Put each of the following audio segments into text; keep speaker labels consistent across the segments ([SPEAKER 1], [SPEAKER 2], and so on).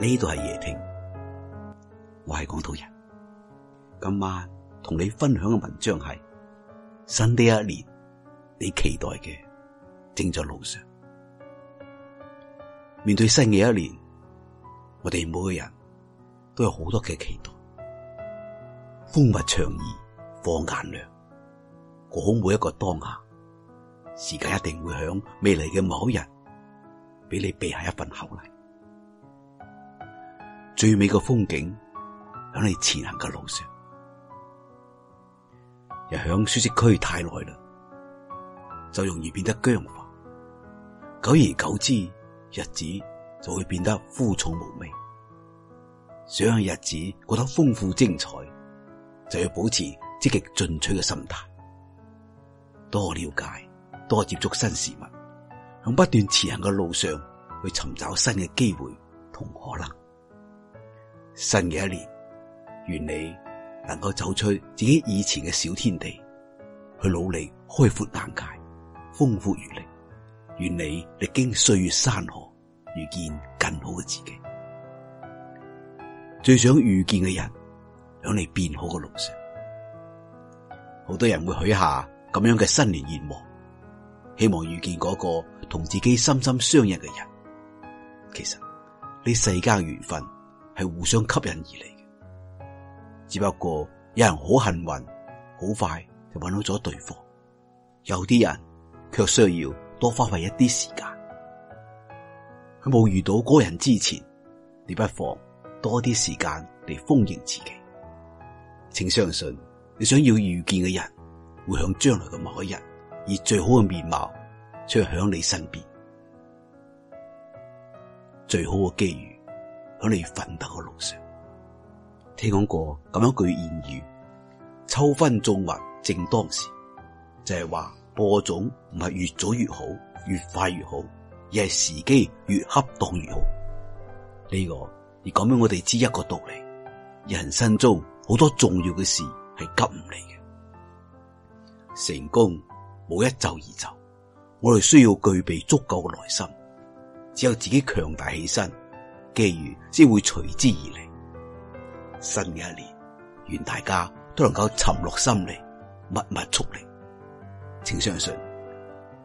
[SPEAKER 1] 呢度係夜聽，我係廣東人。今晚同你分享嘅文章係新嘅一年，你期待嘅，正在路上。面對新嘅一年，我哋每個人都有好多嘅期待。風物長宜放眼量，過好每一個當下，時間一定會響未來嘅某日，俾你備下一份厚禮。最美嘅風景響你前行嘅路上，又響舒適區太耐啦，就容易變得僵化。久而久之，日子就會變得枯燥無味。想日子過得豐富精彩，就要保持積極進取嘅心態，多了解、多接觸新事物，響不斷前行嘅路上去尋找新嘅機會同可能。新嘅一年，願你能夠走出自己以前嘅小天地，去努力開闊眼界，豐富閱歷。願你歷經歲月山河，遇見更好嘅自己。最想遇見嘅人，響你變好嘅路上，好多人會許下咁樣嘅新年願望，希望遇見嗰個同自己深深相認嘅人。其實呢世間嘅緣分。係互相吸引而嚟嘅，只不過有人好幸運，好快就揾到咗對方；有啲人卻需要多花費一啲時間。喺冇遇到嗰人之前，你不妨多啲時間嚟豐盈自己。請相信，你想要遇見嘅人，會響將來嘅某一日，以最好嘅面貌出去。響你身邊，最好嘅機遇。喺你奮鬥嘅路上，聽講過咁樣一句諺語：秋分種麥正當時，就係、是、話播種唔係越早越好，越快越好，而係時機越恰當越好。呢、這個而講俾我哋知一個道理：人生中好多重要嘅事係急唔嚟嘅，成功冇一蹴而就，我哋需要具備足夠嘅耐心，只有自己強大起身，機遇先會隨之而嚟。新嘅一年，願大家都能夠沉落心嚟，默默蓄力。請相信，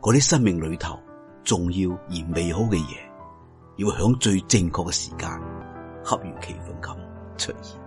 [SPEAKER 1] 啲生命裏頭重要而美好嘅嘢，要響最正確嘅時間，恰如其分咁出現。